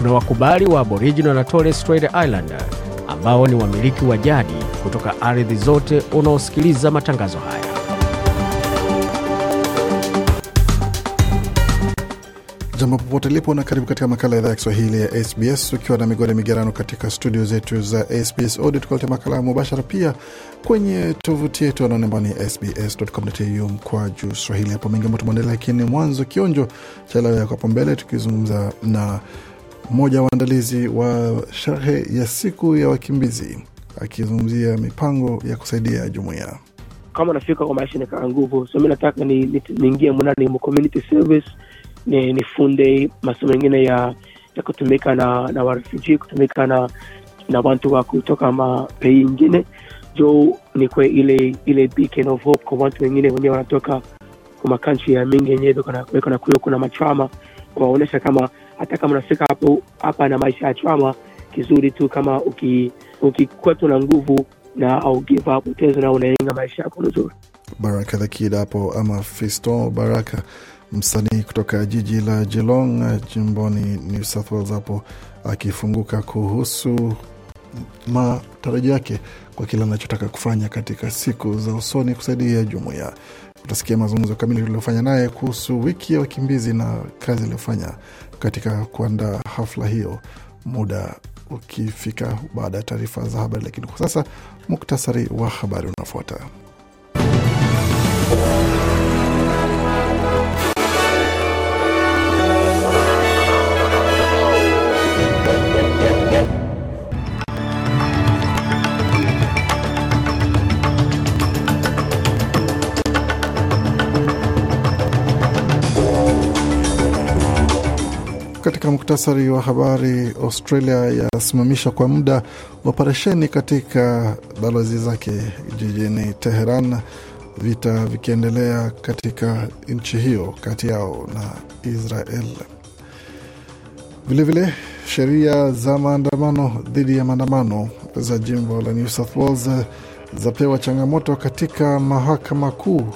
kuna wakubali wa Aboriginal na Torres Strait Islander ambao ni wamiliki wa jadi kutoka ardhi zote unaosikiliza matangazo haya. Jambo popote lipo na karibu katika makala ya idhaa ya Kiswahili ya SBS ukiwa na migode migerano katika studio zetu za SBS Audio, tukaletea makala mubashara pia kwenye tovuti yetu anaonembani sbs.com.au mkwa juu Swahili. Hapo mengi ambayo tumeandalia, lakini mwanzo kionjo cha leo yako hapo mbele tukizungumza na mmoja wa waandalizi wa sherehe ya siku ya wakimbizi, akizungumzia mipango ya kusaidia jumuia Kama nafika kwa maisha nikaa nguvu, so mi nataka niingie ni, mnani community service, ni nifunde masomo mengine ya, ya kutumika na na warefugee kutumika na na wantu wa kutoka mapei ingine jo nikwe ile ile beacon of hope kwa watu wengine wenyewe wanatoka kwa makanchi ya mingi yenyewe, kuna kuna machama kuwaonyesha kama hata kama unafika hapo hapa na maisha ya chama kizuri tu, kama ukikwetwa uki na nguvu na au give up na unaenga maisha yako nzuri Baraka dhakida hapo ama fisto Baraka, msanii kutoka jiji la jelong jimboni New South Wales hapo akifunguka kuhusu matarajio yake kwa kile anachotaka kufanya katika siku za usoni kusaidia jumuiya Utasikia mazungumzo kamili tuliofanya naye kuhusu wiki ya wakimbizi na kazi aliyofanya katika kuandaa hafla hiyo, muda ukifika baada ya taarifa za habari. Lakini kwa sasa muktasari wa habari unafuata. katika muktasari wa habari, Australia yasimamisha kwa muda operesheni katika balozi zake jijini Teheran, vita vikiendelea katika nchi hiyo kati yao na Israel. Vilevile, sheria za maandamano dhidi ya maandamano za jimbo la New South Wales zapewa changamoto katika mahakama kuu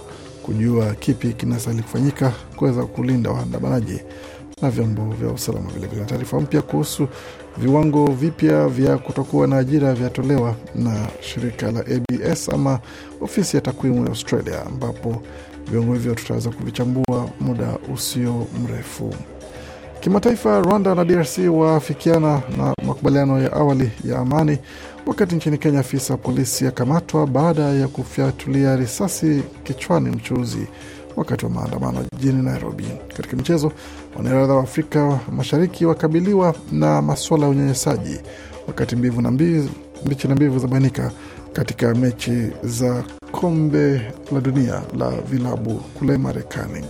kujua kipi kinastahili kufanyika kuweza kulinda waandamanaji na vyombo vya usalama vilevile. Na taarifa mpya kuhusu viwango vipya vya kutokuwa na ajira vyatolewa na shirika la ABS ama ofisi ya takwimu ya Australia, ambapo viwango hivyo tutaweza kuvichambua muda usio mrefu. Kimataifa, Rwanda na DRC waafikiana na makubaliano ya awali ya amani, wakati nchini Kenya afisa polisi akamatwa baada ya kufyatulia risasi kichwani mchuuzi wakati wa maandamano jijini Nairobi. Katika michezo, wanariadha wa Afrika Mashariki wakabiliwa na masuala ya unyanyasaji, wakati mbivu na mbivu, mbichi na mbivu zabainika katika mechi za kombe la dunia la vilabu kule Marekani.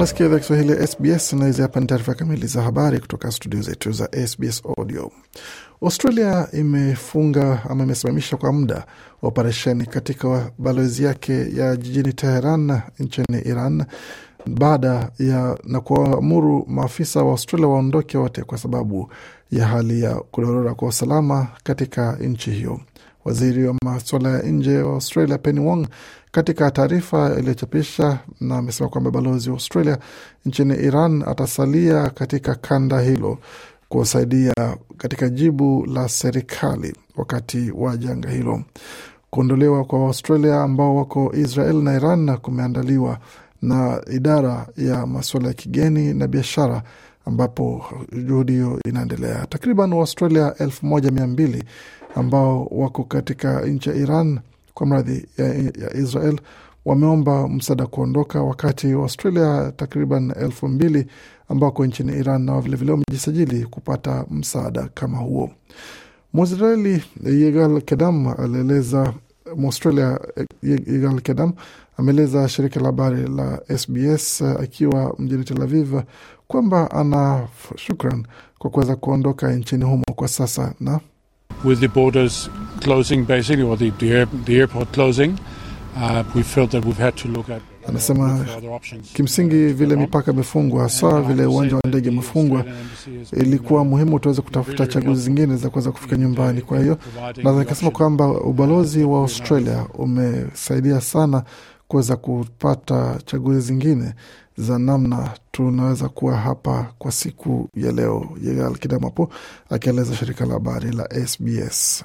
Unasikia idhaa Kiswahili ya SBS na hizi hapa ni taarifa kamili za habari kutoka studio zetu za SBS Audio. Australia imefunga ama imesimamisha kwa muda operesheni katika balozi yake ya jijini Teheran nchini Iran baada ya na kuwaamuru maafisa wa Australia waondoke wote kwa sababu ya hali ya kudorora kwa usalama katika nchi hiyo. Waziri wa maswala ya nje wa Australia Penny Wong katika taarifa iliyochapisha na amesema kwamba balozi wa Australia nchini Iran atasalia katika kanda hilo kusaidia katika jibu la serikali wakati wa janga hilo. Kuondolewa kwa Waustralia ambao wako Israel na Iran kumeandaliwa na idara ya masuala ya kigeni na biashara ambapo juhudi hiyo inaendelea. Takriban Waustralia elfu moja mia mbili ambao wako katika nchi ya Iran kwa mradhi ya, ya Israel wameomba msaada kuondoka, wakati Australia takriban elfu mbili ambako nchini Iran nao vilevile wamejisajili kupata msaada kama huo. Mwisraeli Yigal Kedam alieleza Mwaustralia eh, Yigal Kedam ameeleza shirika la habari la SBS eh, akiwa mjini Tel Aviv kwamba ana shukran kwa kuweza kuondoka nchini humo kwa sasa na With the borders closing basically, or the, the, air, the airport closing, uh, we felt that we've had to look at Anasema kimsingi vile mipaka imefungwa, haswa uh, vile uwanja wa ndege umefungwa, ilikuwa uh, muhimu tuweze kutafuta chaguzi zingine za kuweza kufika nyumbani. Kwa hiyo naweza nikasema kwamba ubalozi wa Australia umesaidia sana kuweza kupata chaguzi zingine za namna tunaweza kuwa hapa kwa siku ya leo. yegalkidamapo akieleza shirika la habari la SBS.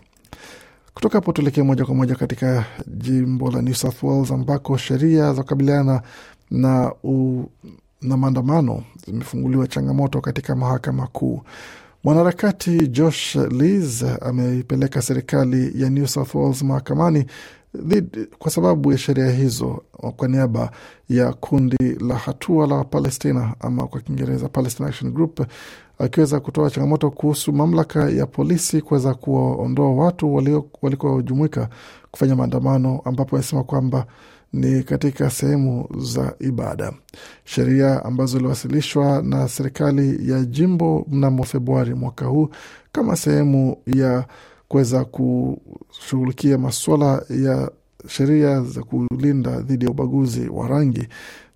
Kutoka hapo tuelekee moja kwa moja katika jimbo la New South Wales ambako sheria za kukabiliana na, u, na maandamano zimefunguliwa changamoto katika mahakama kuu. Mwanaharakati Josh Lees ameipeleka serikali ya New South Wales mahakamani kwa sababu ya sheria hizo kwa niaba ya kundi la hatua la Palestina ama kwa Kiingereza Palestine Action Group, akiweza kutoa changamoto kuhusu mamlaka ya polisi kuweza kuwaondoa watu walikojumuika kufanya maandamano, ambapo anasema kwamba ni katika sehemu za ibada. Sheria ambazo iliwasilishwa na serikali ya jimbo mnamo Februari mwaka huu kama sehemu ya kuweza kushughulikia maswala ya sheria za kulinda dhidi ya ubaguzi wa rangi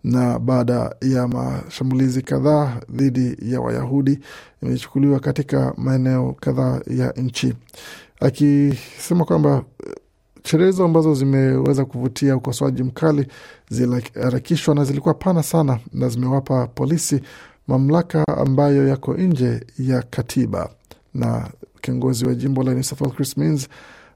na baada ya mashambulizi kadhaa dhidi ya Wayahudi imechukuliwa katika maeneo kadhaa ya nchi, akisema kwamba eh, sherehe hizo ambazo zimeweza kuvutia ukosoaji mkali ziliharakishwa na zilikuwa pana sana na zimewapa polisi mamlaka ambayo yako nje ya katiba na Kiongozi wa jimbo la New South Wales Chris Minns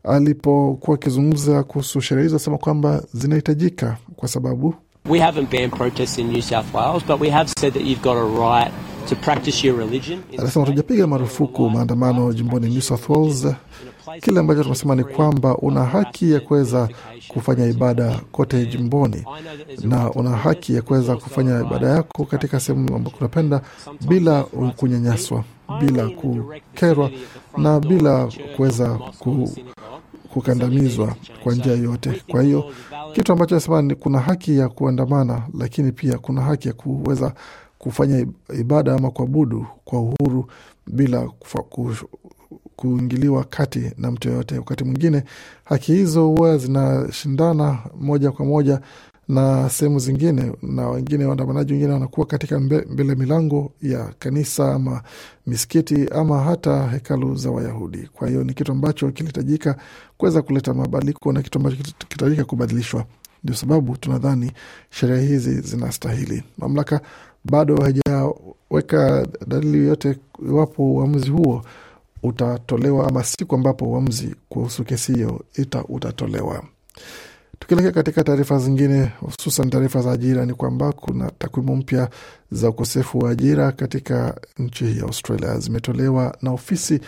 alipokuwa akizungumza kuhusu sherehe hizo, asema kwamba zinahitajika kwa sababu We haven't banned protests in New South Wales, but we have said that you've got a right to practice your religion. Anasema tujapiga marufuku maandamano jimboni New South Wales. Kile ambacho tunasema ni kwamba una haki ya kuweza kufanya ibada kote jimboni na una haki ya kuweza kufanya ibada yako katika sehemu ambako unapenda bila kunyanyaswa, bila kukerwa na bila kuweza ku, kukandamizwa kwa njia yote. Kwa hiyo kitu ambacho nasema ni kuna haki ya kuandamana, lakini pia kuna haki ya kuweza kufanya ibada ama kuabudu kwa uhuru bila kufa, ku, kuingiliwa kati na mtu yoyote. Wakati mwingine haki hizo huwa zinashindana moja kwa moja na sehemu zingine, na wengine waandamanaji wengine wanakuwa katika mbe, mbele milango ya kanisa ama misikiti ama hata hekalu za Wayahudi. Kwa hiyo ni kitu ambacho kilihitajika kuweza kuleta mabadiliko na kitu ambacho kilihitajika kubadilishwa. Ndio sababu tunadhani sheria hizi zinastahili. Mamlaka bado haijaweka dalili yoyote iwapo uamuzi huo utatolewa ama siku ambapo uamuzi kuhusu kesi hiyo utatolewa. Tukielekea katika taarifa zingine, hususan taarifa za ajira, ni kwamba kuna takwimu mpya za ukosefu wa ajira katika nchi hii ya Australia zimetolewa na ofisi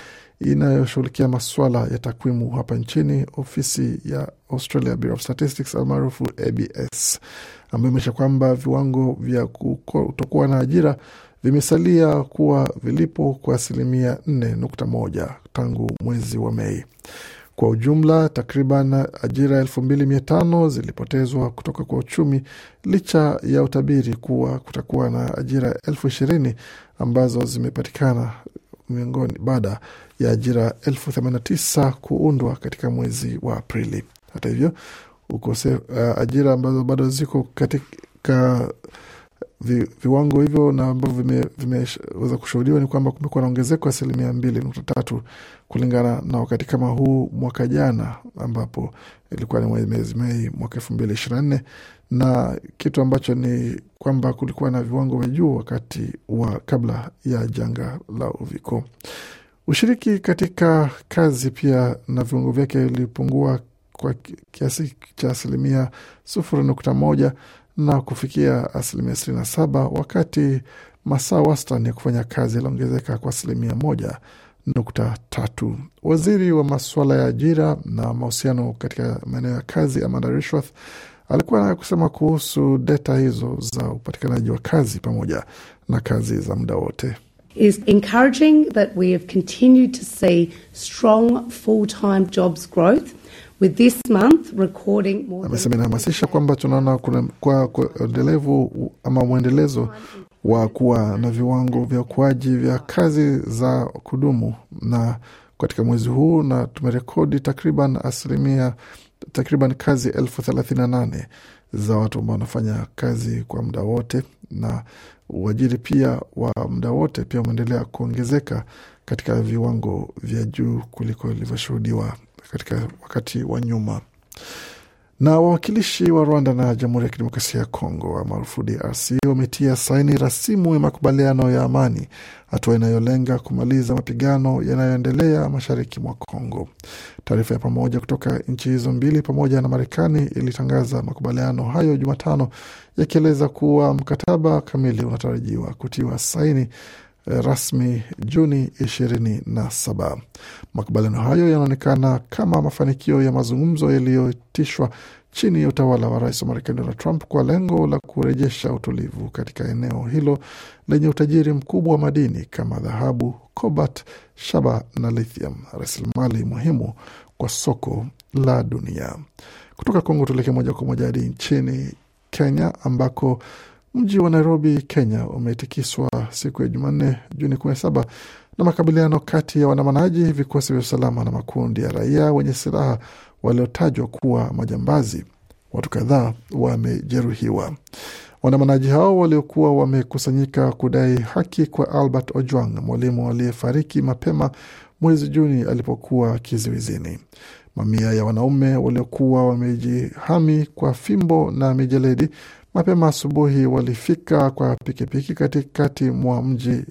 inayoshughulikia maswala ya takwimu hapa nchini, ofisi ya Australia Bureau of Statistics almaarufu ABS, ambayo imeonyesha kwamba viwango vya kutokuwa na ajira vimesalia kuwa vilipo kwa asilimia 4.1 tangu mwezi wa Mei. Kwa ujumla, takriban ajira elfu mbili mia tano zilipotezwa kutoka kwa uchumi licha ya utabiri kuwa kutakuwa na ajira elfu ishirini ambazo zimepatikana miongoni baada ya ajira elfu themanini na tisa kuundwa katika mwezi wa Aprili. Hata hivyo ukose, uh, ajira ambazo bado ziko katika vi, viwango hivyo na ambavyo vimeweza vime kushuhudiwa ni kwamba kumekuwa na ongezeko asilimia mbili nukta tatu kulingana na wakati kama huu mwaka jana, ambapo ilikuwa ni mwezi Mei mwaka elfu mbili ishirini na nne na kitu ambacho ni kwamba kulikuwa na viwango vya juu wakati wa kabla ya janga la Uviko. Ushiriki katika kazi pia na viwango vyake ilipungua kwa kiasi cha asilimia sufuri nukta moja na kufikia asilimia saba wakati masaa wastani ya kufanya kazi yaliongezeka kwa asilimia moja nukta tatu. Waziri wa masuala ya ajira na mahusiano katika maeneo ya kazi Amanda Rishworth alikuwa na kusema kuhusu data hizo za upatikanaji wa kazi pamoja na kazi za muda wote is encouraging that we have continued to see strong full-time jobs growth Amesema inahamasisha kwamba tunaona kwa endelevu ama mwendelezo wa kuwa na viwango vya ukuaji vya kazi za kudumu na katika mwezi huu na tumerekodi takriban asilimia takriban kazi elfu thelathini na nane za watu ambao wanafanya kazi kwa muda wote, na uajiri pia wa muda wote pia umeendelea kuongezeka katika viwango vya juu kuliko ilivyoshuhudiwa katika wakati wa nyuma. Na wawakilishi wa Rwanda na Jamhuri ya Kidemokrasia ya Kongo maarufu DRC wametia saini rasimu ya makubaliano ya amani, hatua inayolenga kumaliza mapigano yanayoendelea mashariki mwa Kongo. Taarifa ya pamoja kutoka nchi hizo mbili pamoja na Marekani ilitangaza makubaliano hayo Jumatano, yakieleza kuwa mkataba kamili unatarajiwa kutiwa saini rasmi Juni 27. Makubaliano hayo yanaonekana kama mafanikio ya mazungumzo yaliyoitishwa chini ya utawala wa rais wa Marekani Donald Trump kwa lengo la kurejesha utulivu katika eneo hilo lenye utajiri mkubwa wa madini kama dhahabu, cobalt, shaba na lithium, rasilimali muhimu kwa soko la dunia. Kutoka Kongo tuelekee moja kwa moja hadi nchini Kenya ambako Mji wa Nairobi, Kenya umetikiswa siku ya Jumanne, Juni 17 na makabiliano kati ya waandamanaji, vikosi vya usalama na makundi ya raia wenye silaha waliotajwa kuwa majambazi. Watu kadhaa wamejeruhiwa. Waandamanaji hao waliokuwa wamekusanyika kudai haki kwa Albert Ojwang, mwalimu aliyefariki mapema mwezi Juni alipokuwa kizuizini. Mamia ya wanaume waliokuwa wamejihami kwa fimbo na mijeledi Mapema asubuhi walifika kwa pikipiki katikati mwa mji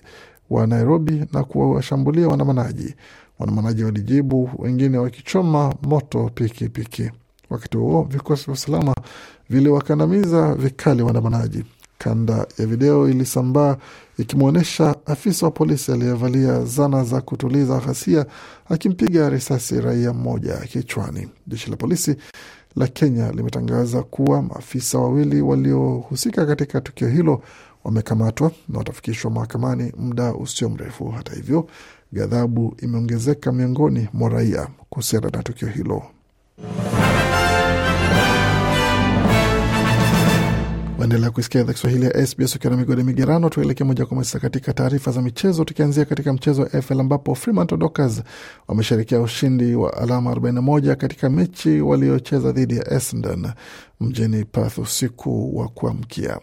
wa Nairobi na kuwashambulia waandamanaji. Waandamanaji walijibu, wengine wakichoma moto pikipiki. Wakati huo vikosi vya usalama viliwakandamiza vikali waandamanaji. Kanda ya video ilisambaa ikimwonyesha afisa wa polisi aliyevalia zana za kutuliza ghasia akimpiga risasi raia mmoja kichwani. Jeshi la polisi la Kenya limetangaza kuwa maafisa wawili waliohusika katika tukio hilo wamekamatwa na watafikishwa mahakamani muda usio mrefu. Hata hivyo, ghadhabu imeongezeka miongoni mwa raia kuhusiana na tukio hilo. Waendelea kuisikia idhaa Kiswahili ya SBS ukiwa na migodi migerano. Tuelekee moja kwa moja katika taarifa za michezo, tukianzia katika mchezo wa FL ambapo Fremantle Dockers wamesherekea ushindi wa alama 41 katika mechi waliocheza dhidi ya Essendon mjini Perth usiku wa kuamkia.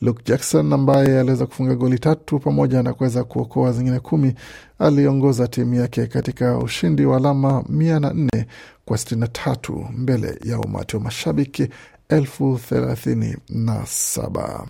Luke Jackson ambaye aliweza kufunga goli tatu pamoja na kuweza kuokoa zingine kumi aliongoza timu yake katika ushindi wa alama 4 kwa 63 mbele ya umati wa mashabiki elfu thelathini na saba.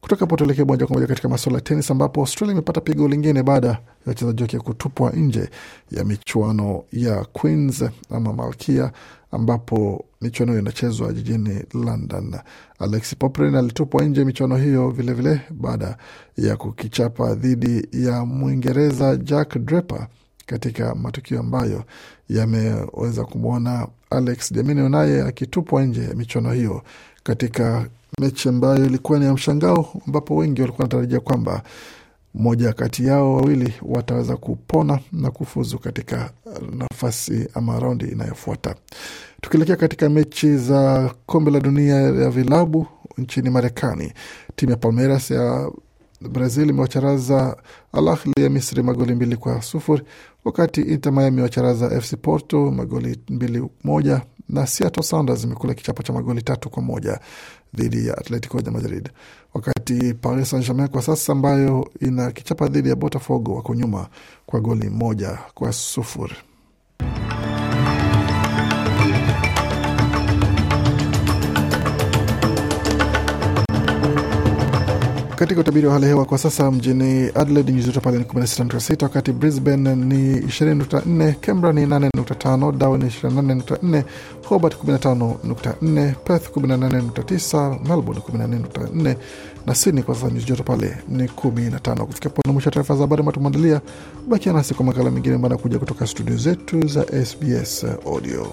Kutoka hapo tuelekee moja kwa moja katika masuala ya tenis, ambapo Australia imepata pigo lingine baada ya wachezaji wake kutupwa nje ya michuano ya Queens ama Malkia, ambapo michuano hiyo inachezwa jijini London. alex Poprin alitupwa nje michuano hiyo vilevile baada ya kukichapa dhidi ya Mwingereza Jack Draper katika matukio ambayo yameweza kumwona Alex Jamino naye akitupwa nje ya michuano hiyo katika mechi ambayo ilikuwa ni ya mshangao, ambapo wengi walikuwa wanatarajia kwamba mmoja kati yao wawili wataweza kupona na kufuzu katika nafasi ama raundi inayofuata. Tukielekea katika mechi za kombe la dunia ya vilabu nchini Marekani, timu ya Palmeiras ya Brazil imewacharaza Al ahli ya Misri magoli mbili kwa sufuri, wakati Inter Miami wacharaza FC Porto magoli mbili moja, na Seattle Sounders imekula kichapo cha magoli tatu kwa moja dhidi ya Atletico de Madrid, wakati Paris Saint-Germain kwa sasa ambayo ina kichapa dhidi ya Botafogo wako nyuma kwa goli moja kwa sufuri. Katika utabiri wa hali hewa kwa sasa mjini Adelaide nyuzi joto pale ni 16.6, wakati Brisbane ni 20.4, Canberra ni 8.5, Darwin ni 28.4, Hobart 15.4, Perth 18.9, Melbourne 144 na Sydney kwa sasa nyuzi joto pale ni 15. Kufikia pona mwisho wa taarifa za habari ambayo tumeandalia, bakia nasi kwa makala mengine ambayo anakuja kutoka studio zetu za SBS Audio.